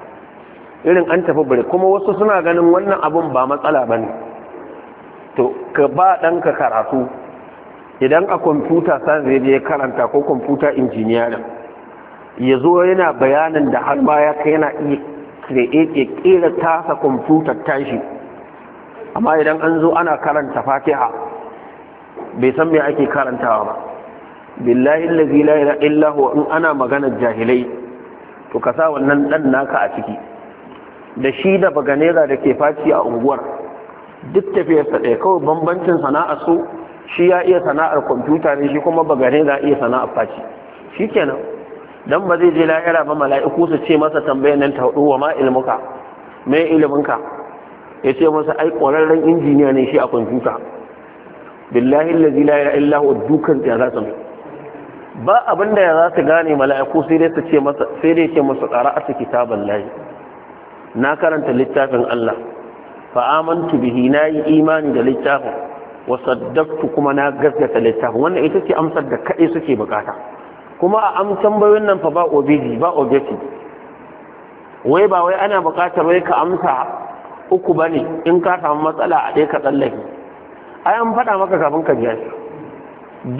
Speaker 1: irin an tafi bari kuma wasu suna ganin wannan abun ba matsala ba ne to ka ba ɗanka karatu idan a kwamfuta san zai je karanta ko kwamfuta injiniyarin ya zo yana bayanin da har baya ka yana iya kera tasa kwamfutar tashi amma idan an zo ana karanta fatiha bai san me ake karantawa ba billahi allazi la ilaha illa huwa in ana maganar jahilai to ka sa wannan dan naka a ciki da shi da baganera da ke faci a unguwar duk tafiyarsa ɗaya kawai bambancin sana'ar su shi ya iya sana'ar kwamfuta ne shi kuma baganera iya sana'ar faci shi kenan don ba zai je la'ira ba mala'iku su ce masa tambayar nan ta hudu wa ma ilmuka me iliminka ya ce masa ai ƙwararren injiniya ne shi a kwamfuta billahi allazi la ilaha illa huwa dukan ya za su ba abinda ya za su gane mala'iku sai dai su ce masa sai dai ce masa qira'atu kitaballahi na karanta littafin Allah fa'amantu bihi na yi imani da littafin wa kuma na gaskata littafin wannan ita ce amsar da kaɗai suke bukata kuma a am tambayoyin nan fa ba obiji ba objective wai ba wai ana bukatar wai ka amsa uku bane in ka samu matsala a dai ka tsallake ai an faɗa maka kafin ka biya shi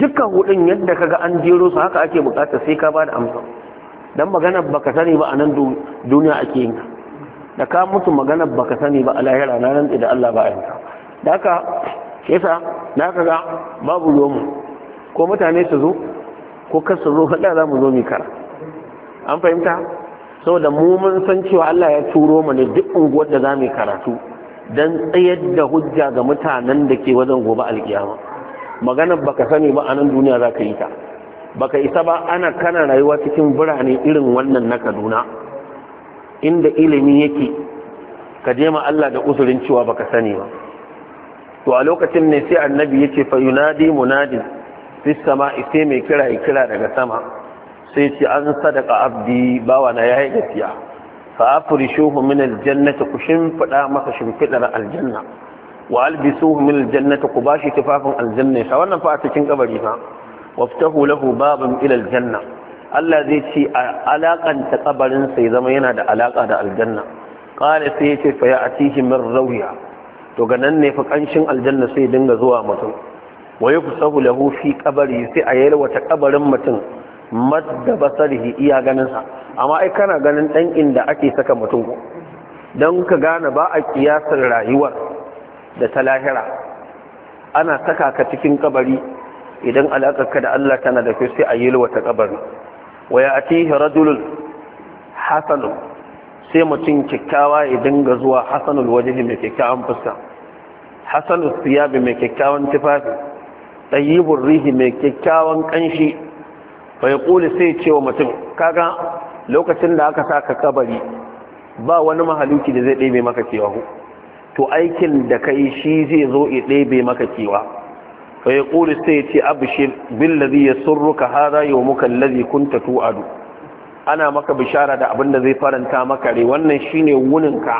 Speaker 1: dukkan hudun yadda kaga an jero su haka ake bukata sai ka bada da amsa dan magana baka sani ba a nan duniya ake yin da ka mutu magana baka sani ba a lahira na nan da Allah ba a yanka da haka kesa, na ka ga babu ruwanmu ko mutane su zo ko kar su zo faɗa za mu zo mai kara an fahimta saboda mu mun san cewa Allah ya turo mu ne duk unguwar da za mu karatu dan tsayar da hujja ga mutanen da ke wajen gobe alkiyama maganar baka sani ba a nan duniya za ka yi ta baka isa ba ana kana rayuwa cikin birane irin wannan na Kaduna inda ilimi yake ka je ma Allah da uzurin cewa baka sani ba to a lokacin ne sai annabi yace fa yunadi munadi fis sama'i sai mai kira ya kira daga sama sai ce an sadaka abdi bawa na yayi gaskiya fa afrishuhu min aljannati ku shimfida masa shimfidar aljanna wa albisuhu min aljannati ku bashi tufafin aljanna sa wannan fa a cikin kabari fa waftahu lahu baban ila aljanna Allah zai ce a alaƙanta kabarinsa ya zama yana da alaƙa da aljanna ƙara sai ya ce fa ya cikin min rauya to ga nan ne fa ƙanshin aljanna sai dinga zuwa mutum ku sahu lahu fi kabari sai a yi wata kabarin mutum madda basarihi iya ganinsa amma ai kana ganin dan inda ake saka mutum don ka gane ba a kiyasar rayuwar da ta lahira ana saka ka cikin kabari idan alaƙarka da Allah tana da kyau sai a yi wata kabari wa ya atihi rajulun hasanu sai mutum kyakkyawa ya dinga zuwa hasanul wajen mai kyakkyawan fuska hasanul siyabi mai kyakkyawan tufafi ɗayyibun rihi mai kyakkyawan ƙanshi bai ƙuli sai ce wa mutum kaga lokacin da aka sa ka kabari ba wani mahaluki da zai ɗebe maka kewa to aikin da kai shi zai zo ya ɗebe maka kewa fa ya ƙuri sai ya ce abishir billazi ya surruka hada yau muka lazi tu'adu ana maka bishara da abin zai faranta maka rai wannan shine wuninka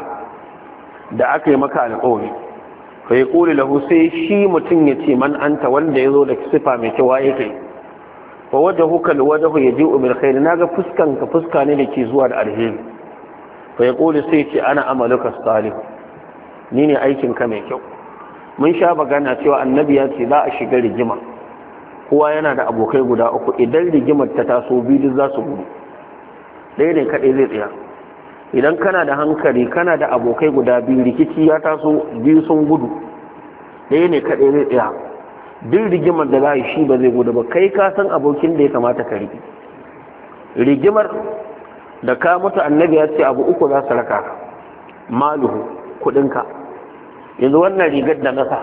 Speaker 1: da aka yi maka alƙawari fa lahu sai shi mutum ya ce man anta wanda ya zo da sifa mai kyau waye kai fa ya ji yaji'u bil khair naga fuskan ka fuska ne da ke zuwa da alheri fa ƙuri sai ce ana amaluka salih ni ne aikin mai kyau mun sha bagana cewa annabi ya ce za a shiga rigima kowa yana da abokai guda uku idan rigimar ta taso biyu duk za su gudu ɗaya ne kaɗai zai tsaya idan kana da hankali kana da abokai guda biyu rikici ya taso biyu sun gudu ɗaya ne kaɗai zai tsaya duk rigimar da za a yi shi ba zai gudu ba kai ka san abokin da ya kamata ka riƙe rigimar da ka mutu annabi ya ce abu uku za su raka maluhu kuɗinka yanzu wannan rigar da nasa.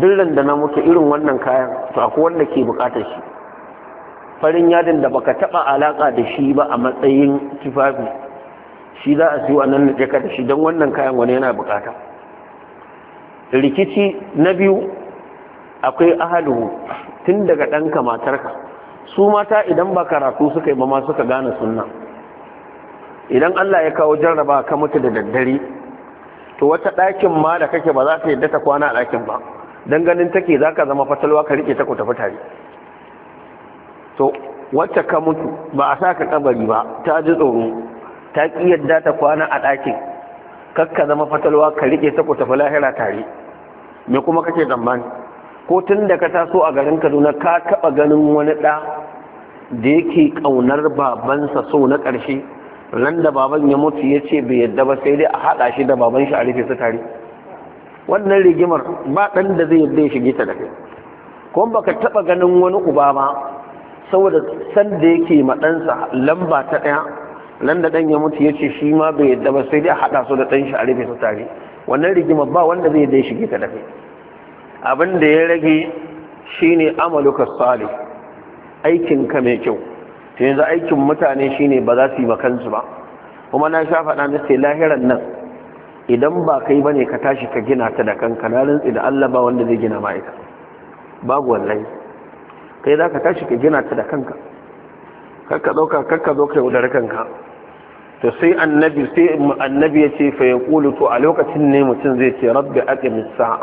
Speaker 1: dillan da na mutu irin wannan kayan to akwai wanda ke bukatar shi farin yadin da baka taba alaka da shi ba a matsayin tufafi shi za a siyo a nan da ka da shi don wannan kayan wani yana bukata rikici na biyu akwai ahaluhu tun daga ɗanka matarka su mata idan ba karatu suka yi ba ma suka gane sunna idan Allah ya kawo jarraba ka mutu da daddare to wata ɗakin ma da kake ba za ta yadda ta kwana a ɗakin ba don ganin take za ka zama fatalwa ka riƙe ta ku tafi tare to wacce ka mutu ba a sa ka kabari ba ta ji tsoro ta ƙi yadda ta kwana a ɗakin kakka zama fatalwa ka riƙe ta ku tafi lahira tare me kuma kake tsammani ko tun da ka taso a garin kaduna ka taɓa ganin wani ɗa da yake ƙaunar babansa so na ƙarshe nan da baban ya mutu ya ce bai yadda ba sai dai a haɗa shi da baban shi a rufe su tare wannan rigimar ba ɗan da zai yadda ya shige ta da kai kuma baka taɓa ganin wani uba ba saboda san da yake ma ɗansa lamba ta ɗaya nan da ɗan ya mutu ya ce shi ma bai yadda ba sai dai a haɗa su da ɗan shi a rufe su tare wannan rigimar ba wanda zai yadda ya shige ta da kai abin da ya rage shine amaluka salih aikinka mai kyau ta yanzu aikin mutane shine ba za su yi makansu ba kuma na sha faɗa na ce lahiran nan idan ba kai ba ne ka tashi ka gina ta da kanka na rantsi da Allah ba wanda zai gina ma ita babu wallahi kai za ka tashi ka gina ta da kanka karka ɗauka karka zo kai wudar kanka to sai annabi sai annabi ya ce fa ya to a lokacin ne mutum zai ce rabbi aqimis sa'a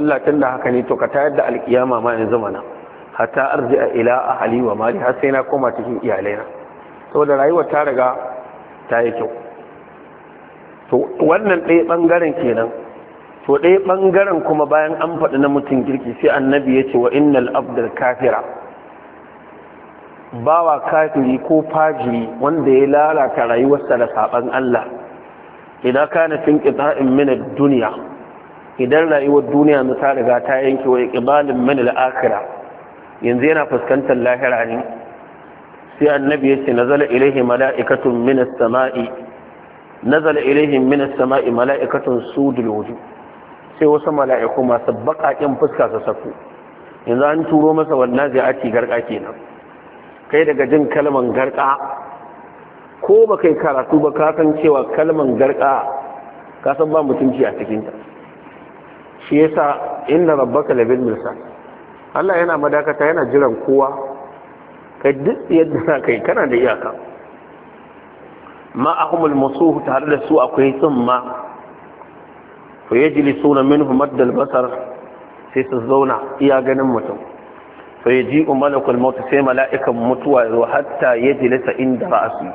Speaker 1: Allah tunda haka ne to ka tayar da alkiyama ma yanzu mana hatta a ila ahli wa mali har sai na koma cikin iyalaina saboda rayuwar ta riga ta yi kyau to wannan ɗaya ɓangaren kenan to ɗaya ɓangaren kuma bayan an faɗi na mutum girki sai annabi ya ce wa innal abdul kafira bawa kafiri ko fajiri wanda ya lalata rayuwarsa da saɓan Allah idan kana fin ƙiɗa'in min duniya idan rayuwar duniya na ta riga ta yanke wa iqbalin mini al akira yanzu yana fuskantar lahira ne sai annabi ya ce nazala ilaihi mala'ikatun min as-sama'i nazala ilaihim min as-sama'i mala'ikatun sudul wujuh sai wasu mala'iku masu baƙaƙen fuska su sako yanzu an turo masa wannan zai aki garka kenan kai daga jin kalman garka ko ba kai karatu ba ka san cewa kalman garka ka san ba mutunci a cikinta shi yasa inna rabbaka labil mursal Allah yana madakata yana jiran kowa kai duk yadda na kai kana da iyaka ma kuma masu tare da su akwai tsumma fa yajlisuna minhu maddal basar sai su zauna iya ganin mutum fa yaji'u malakul maut sai mala'ikan mutuwa yazo hatta yajlisa inda ra'asi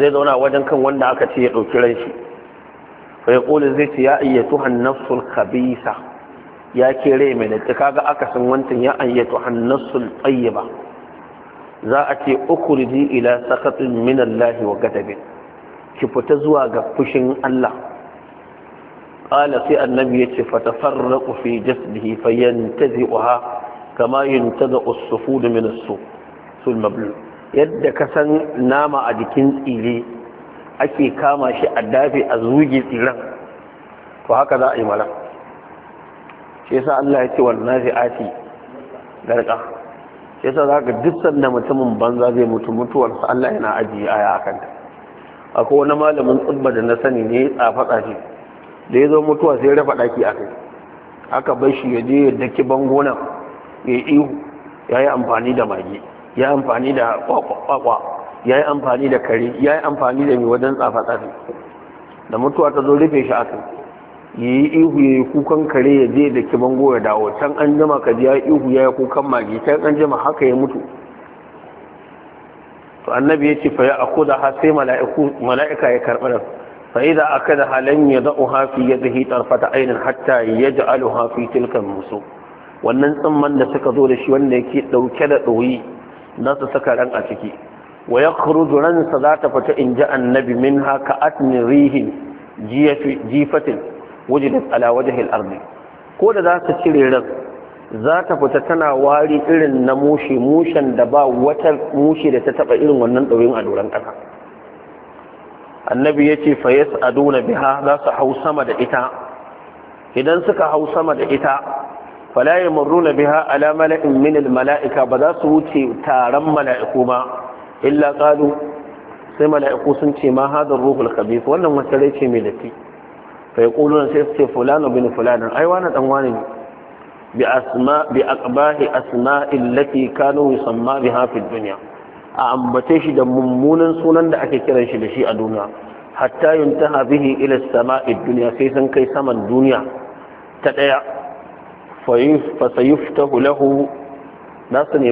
Speaker 1: zai zauna wajen kan wanda aka ce ya ɗauki ran shi fa yaqulu zai ce ya ayyatuhan nafsul khabisa ya ke rai mai datti kaga akasin wancan ya ayyatu hannasul tayyiba za a ce ukurji ila sakatun min Allah wa gadabi ki fita zuwa ga fushin Allah qala sai annabi yace fatafarraqu fi jasdihi fayantazi'uha kama yuntaza as-sufud min as-suq sul mablu yadda ka san nama a jikin tsire ake kama shi a dafe a zuge tsiran to haka za a yi mala shi yasa Allah ya ce wal nazi'ati garka shi yasa zaka duk sanda mutumin banza zai mutu mutuwar sa Allah yana ajiye aya akan ta akwai wani malamin tsubba da na sani ne ya tsafa tsafi da ya zo mutuwa sai rafa daki akai aka bar shi ya je ya daki bangona ya yi ihu ya yi amfani da mage ya yi amfani da kwakwa ya yi amfani da kare ya yi amfani da mai wajen tsafa tsafi da mutuwa ta zo rufe shi akai ya yi ihu ya yi kukan kare ya je da bango ya dawo can an jama ka ji ya yi ihu ya yi kukan magi can an jama haka ya mutu to annabi ya ce fa ya ako da ha sai mala'ika ya karɓi ran fa idza akada halan ya da'u ha fi yadihi tarfata ainin hatta yaj'alu fi tilkan musu wannan tsamman da suka zo da shi wanda yake dauke da ɗoyi za su saka ran a ciki wa yakhruju ransa za ta fita in ji annabi min haka atni rihin jifatin wujidat ala wajhil ardi ko da za ta cire ran za ta fita tana wari irin na mushe mushen da ba wata mushe da ta taba irin wannan ɗauyin a doron ƙasa annabi ya ce fa yas'aduna biha za su hau sama da ita idan suka hau sama da ita fala yamurruna biha ala mala'in min al mala'ika ba za su wuce taron mala'iku ba illa qalu sai mala'iku sun ce ma hadar ruhul khabith wannan wata rai ce mai datti fa yaquluna sai su ce fulano bin fulanin ai wani ne bi asma bi aqbahi asma'i allati kanu yusamma biha a ambace shi da mummunan sunan da ake kiran shi da shi a duniya hatta yuntaha bihi ila as-sama'i dunya sai sun kai saman duniya ta daya fa sayuftahu lahu da su ba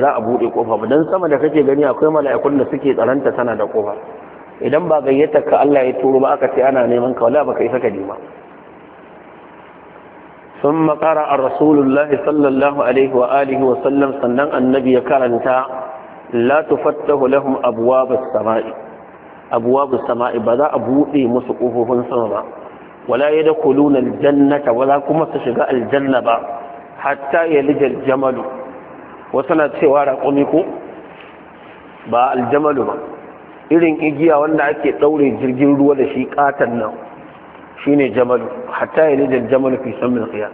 Speaker 1: za a buɗe kofa ba dan sama da kake gani akwai mala'ikun da suke tsaranta tana da ƙofa idan ba gayyata ka Allah ya turo ba aka ce ana neman ka wala ba kai saka dima sun makara a rasulullah sallallahu alaihi wa alihi wa sallam sannan annabi ya karanta la tufattahu lahum abwaabu sama'i ba za a buɗe musu ƙofofin sama ba wala yadkhuluna aljannata wa la kuma su shiga aljanna ba hatta yalija aljamalu wa sana cewa raqumi ko ba aljamalu ba irin igiya wanda ake ɗaure jirgin ruwa da shi ƙatan nan shine Jamalu. hatta yi nijar Jamalu fi san min khiyar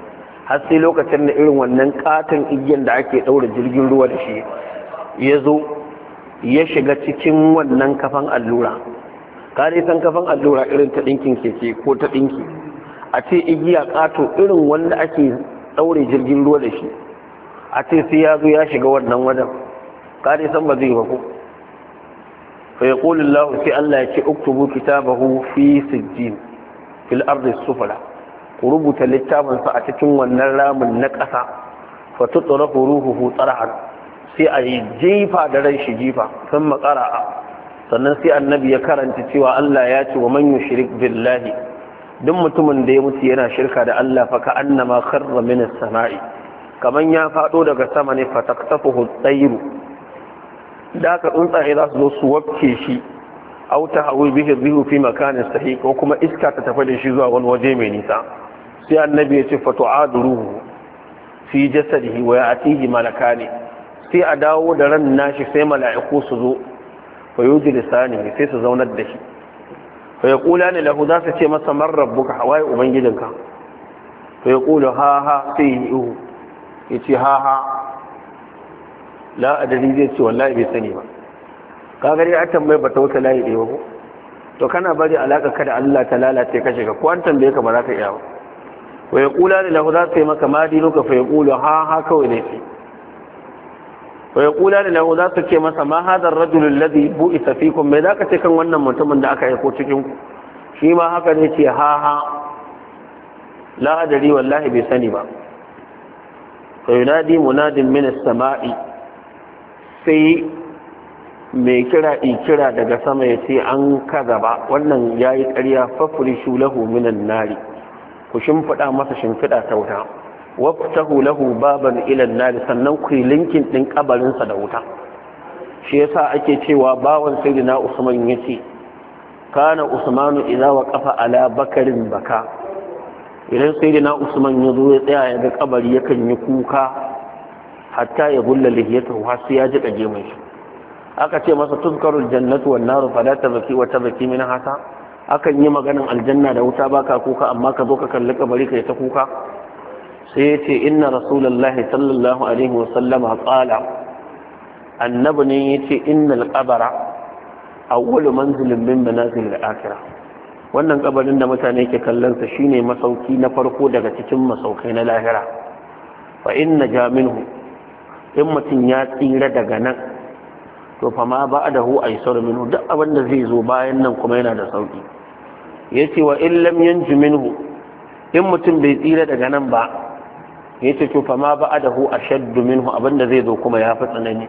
Speaker 1: har sai lokacin da irin wannan ƙatan igiyan da ake ɗaure jirgin ruwa da shi ya zo ya shiga cikin wannan kafan allura dai san kafan allura irin ta ɗinkin keke ko ta ɗinki a ce igiya ƙato irin wanda ake ɗaure jirgin ruwa da shi a ce sai ya zo ya shiga wannan wajen dai san ba zai ba ko fa yaqulu Allah sai Allah ya ce uktubu kitabahu fi sijjin fil ardi sufla ku rubuta littafinsa a cikin wannan ramin na ƙasa fa tutrahu ruhuhu tsarahan sai a jifa da ran shi jifa sun makara sannan sai annabi ya karanta cewa Allah ya ce wa man yushrik billahi duk mutumin da ya mutu yana shirka da Allah fa ka annama kharra samai kaman ya faɗo daga sama ne fa taktafuhu at da aka tsuntsaye za su zo su wafke shi auta hawi bihi zihu fi makanin sahi ko kuma iska ta tafi da shi zuwa wani waje mai nisa sai annabi ya ce fatu'adu ruhu fi jasadihi wa ya'tihi malakani sai a dawo da ran nashi sai mala'iku su zo fa Sani sai su zaunar da shi fa kula ne lahu za su ce masa man rabbuka waye ubangijinka fa yaqulu ha ha sai yi yace ha ha la adadi zai ce wallahi bai sani ba ka gari a tambaye ba ta wuce layi ɗaya ba to kana bari alaka kada Allah ta lalace ka shiga ko an tambaye ka ba za ka iya ba wa ya kula da lahu za su yi maka madinu ka fa ya kula ha ha kawai ne ce wa ya kula da lahu za su ce masa ma hadar rajulun ladhi bu'isa fikum me za ka ce kan wannan mutumin da aka ko cikin ku shi ma haka ne ce ha ha la adadi wallahi bai sani ba fa yunadi munadin min as-sama'i sai mai kira ikira daga sama ya ce an kaza ba wannan ya yi ƙarya fafuri shulahu minan nari ku shimfiɗa masa shimfiɗa ta wuta waftahu hulahu baban ilan nari sannan ku yi linkin ɗin ƙabarinsa da wuta shi ya sa ake cewa bawan na usman ya ce kana usmanu wa ƙafa ala bakarin baka idan na usman ya zo ya tsaya ya ga ƙabari yakan yi kuka hatta ya gulla lihiyatahu har sai ya ji kage mai shi aka ce masa tuzkarul jannatu wan naru fala tabki wa tabki min hasa akan yi maganin aljanna da wuta baka kuka amma ka zo ka kalli kabari kai ta kuka sai ya ce inna rasulullahi sallallahu alaihi wa sallama qala annabi ne yace innal qabara awwalu manzilin min manazil akhirah wannan kabarin da mutane ke kallon sa shine masauki na farko daga cikin masaukai na lahira fa inna jaminhu in mutum ya tsira daga nan to fa ma ba da hu a sauri minu duk abin da zai zo bayan nan kuma yana da sauki ce wa in lam yanju minhu in mutum bai tsira daga nan ba Ya ce to fa ma ba da hu a shan minhu abin da zai zo kuma ya fi tsanani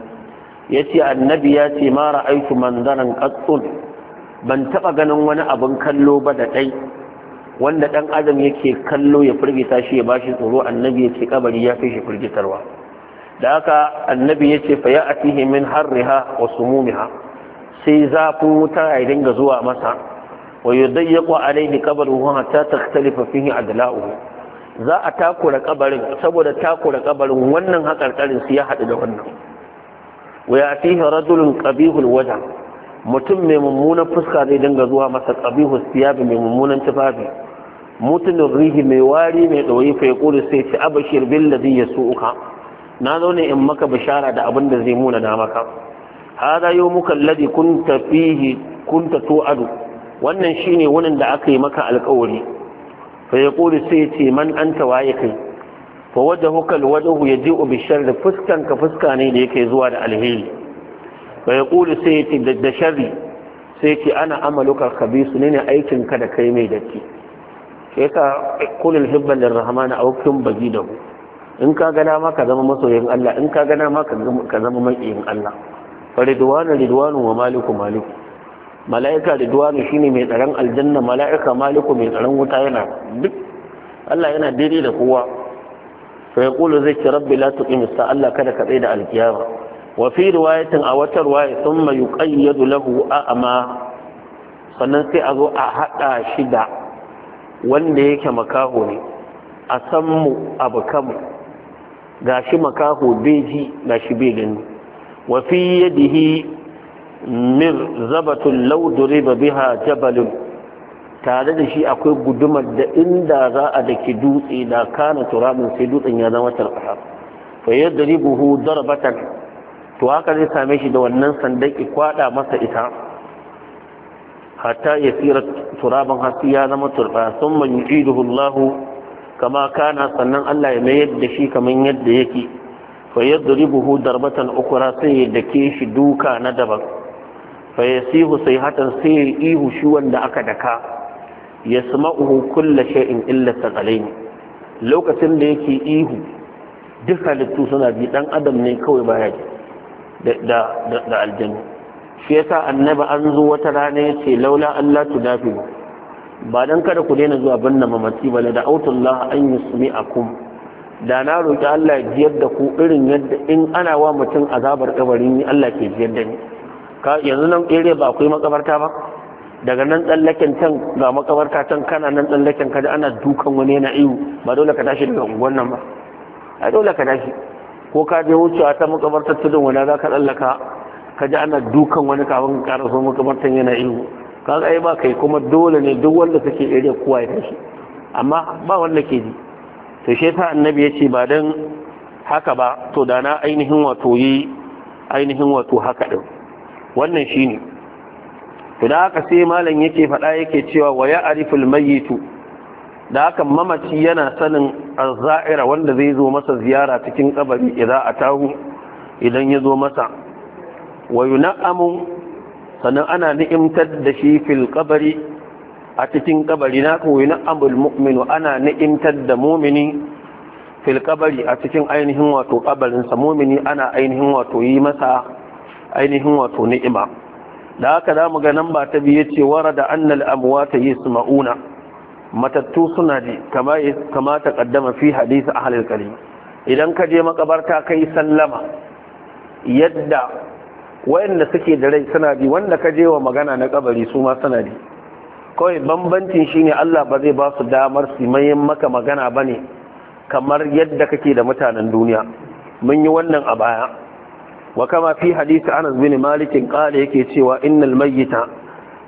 Speaker 1: ce annabi ya ce ma aiki manzaran katsun ban taba ganin wani abin kallo ba da ɗai. wanda dan adam yake kallo ya firgita shi ya bashi tsoro annabi yake kabari ya fi shi firgitarwa da haka annabi ya ce fa ya atihi min harriha wa mumiha sai zafin wuta ya dinga zuwa masa wa yudayyaqu alayhi ta hatta takhtalifa fihi adla'uhu za a takura kabarin saboda takura kabarin wannan hakarkarin su ya haɗu da wannan wa yatihi rajulun qabihul wajh mutum mai mummunan fuska zai dinga zuwa masa qabihul siyabi mai mummunan tufafi mutumin rihi mai wari mai ɗoyi fa ya sai ci abashir ya su uka na zo ne in maka bishara da abin da zai muna na maka hada yau muka ladi kunta fihi kunta wannan shine wunin da aka yi maka alkawari fa yaqulu sai ce man anta waye kai fa wajhuka alwajhu yaji'u bi sharri fuskan ka fuska ne da yake zuwa da alheri fa yaqulu sai ce da sharri sai ce ana amaluka khabisu ne ne aikin ka da kai mai datti sai ka kulil hibban lirrahmani aw kum bagidahu in ka gana ma ka zama masoyin Allah in ka gana ma ka zama maƙiyin Allah fa ridwanu ridwanu wa maliku maliku mala'ika ridwanu shine mai tsaron aljanna mala'ika maliku mai tsaron wuta yana duk Allah yana daidai da kowa fa yaqulu zai ci rabbi la tuqim Allah kada ka tsaya da alkiyama wa fi riwayatin a wata riwaya thumma yuqayyadu lahu a'ma sannan sai a zo a hada shi da wanda yake makaho ne a san mu abu kanmu shi makaho beji gashi bai gani wa fi yadihi mir law duriba biha jabalun tare da shi akwai gudumar da inda za a daki dutse da kana turamin sai dutsen ya zama tarfa fa yadribuhu darbatan to haka zai same shi da wannan sandan ki kwada masa ita hatta ya tsira turaban hasi ya zama turba sun man yu'iduhu Allahu kama kana sannan Allah ya mayar da shi kamar yadda yake fa yadribuhu darbatan ukra sai ya dake shi duka na daban fa yasihu sayhatan sai ya ihu shi wanda aka daka yasma'uhu kullu shay'in illa thaqalain lokacin da yake ihu duk halittu suna bi dan adam ne kawai baya da da da aljanna shi yasa annabi an zo wata rana yace laula Allah tudafi ba dan kada ku daina zuwa binne mamaci ba la Allah an yusmi'akum da na roki Allah ya jiyar da ku irin yadda in ana wa mutum azabar kabarin ni Allah ke jiyar da ni ka yanzu nan area ba akwai makabarta ba daga nan tsallaken can ga makabarta can kana nan tsallaken ka ana dukan wani yana iyo ba dole ka tashi daga unguwan nan ba a dole ka tashi ko ka je wucewa ta makabartar tudun wani za ka tsallaka ka ji ana dukan wani kafin ka karaso yana iyo kaga ai ba kai kuma dole ne duk wanda suke irin kowa ya tashi amma ba wanda ke ji to shi ta annabi ya ce ba dan haka ba to da na ainihin wato yi ainihin wato haka din wannan shine to da haka sai malam yake faɗa yake cewa wa ya'riful mayyitu da haka mamaci yana sanin azza'ira wanda zai zo masa ziyara cikin kabari atahu idan ya zo masa wa yun'amu sannan ana ni'imtar da shi fil kabari a cikin kabari na koyi na abul mu'minu ana ni'imtar da mumini fil kabari a cikin ainihin wato kabarinsa mumini ana ainihin wato yi masa ainihin wato ni'ima da haka za mu ga nan ba ta biye ce wara da annal su ma'una. matattu suna ji kama ta kaddama fi hadisi ahlul kalim idan ka je makabarta kai sallama yadda wayanda suke da rai suna bi wanda ka je wa magana na kabari su ma suna bi kawai bambancin shine Allah ba zai ba su damar su mayin maka magana ne kamar yadda kake da mutanen duniya mun yi wannan a baya wa kama fi hadisi Anas bin Malik kale yake cewa innal mayyita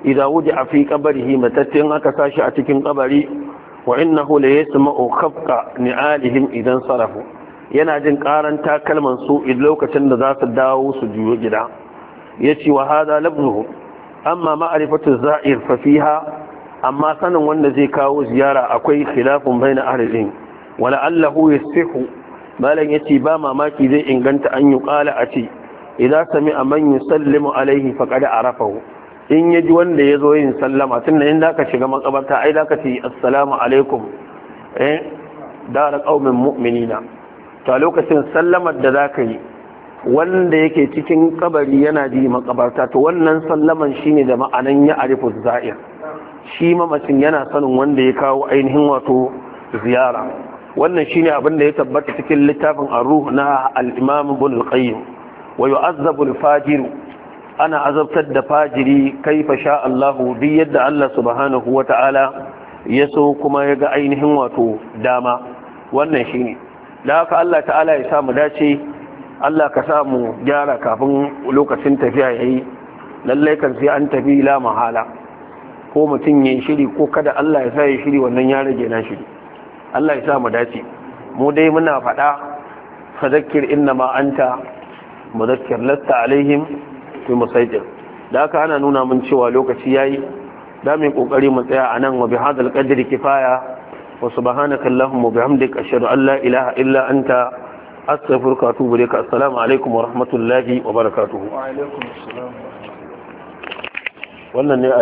Speaker 1: idza wudi'a fi qabrihi matattin aka sashi a cikin kabari wa innahu la yasma'u khafqa ni'alihim idan sarafu yana jin karan takalman su lokacin da za su dawo su juyo gida ya ce wa hada labnuhu amma ma'arifatu za'ir fa fiha amma sanin wanda zai kawo ziyara akwai khilafun na ahlil wani allahu yasihu malam yace ba mamaki zai inganta an yi a ce idza sami'a man yusallimu alaihi faqad arafahu in yaji wanda ya zo yin sallama tunda in zaka shiga makabarta ai aka ce assalamu alaikum eh da قوم muminina Ta lokacin sallamar da za ka yi wanda yake cikin kabari yana ji makabarta to wannan sallaman shine da ma'anan ya arifu za'ir shi mamacin yana sanin wanda ya kawo ainihin wato ziyara wannan shine abin da ya tabbata cikin littafin ar na al-imam ibn wa yu'azzabu al-fajir ana azabtar da fajiri kaifa sha allahu duk yadda Allah subhanahu Ta'ala ya so kuma ya ga ainihin wato dama wannan shine da haka Allah ta'ala ya samu dace Allah ka samu gyara kafin lokacin tafiya ya yi lallai kan sai an tafi la mahala ko mutum ya shiri ko kada Allah ya sa ya shiri wannan ya rage na shiri Allah ya samu dace mu dai muna faɗa fadakir inna ma anta mudakkir lasta alaihim fi musaitir da haka ana nuna mun cewa lokaci yayi da mu kokari mu tsaya anan wa bihadal qadri kifaya wa subhanaka allahumma bihamdika ashhadu an allah ilaha illa anta astaghfiruka wa atubu ilaik assalamu alaikum wa rahmatullahi wa barakatuh wannan ne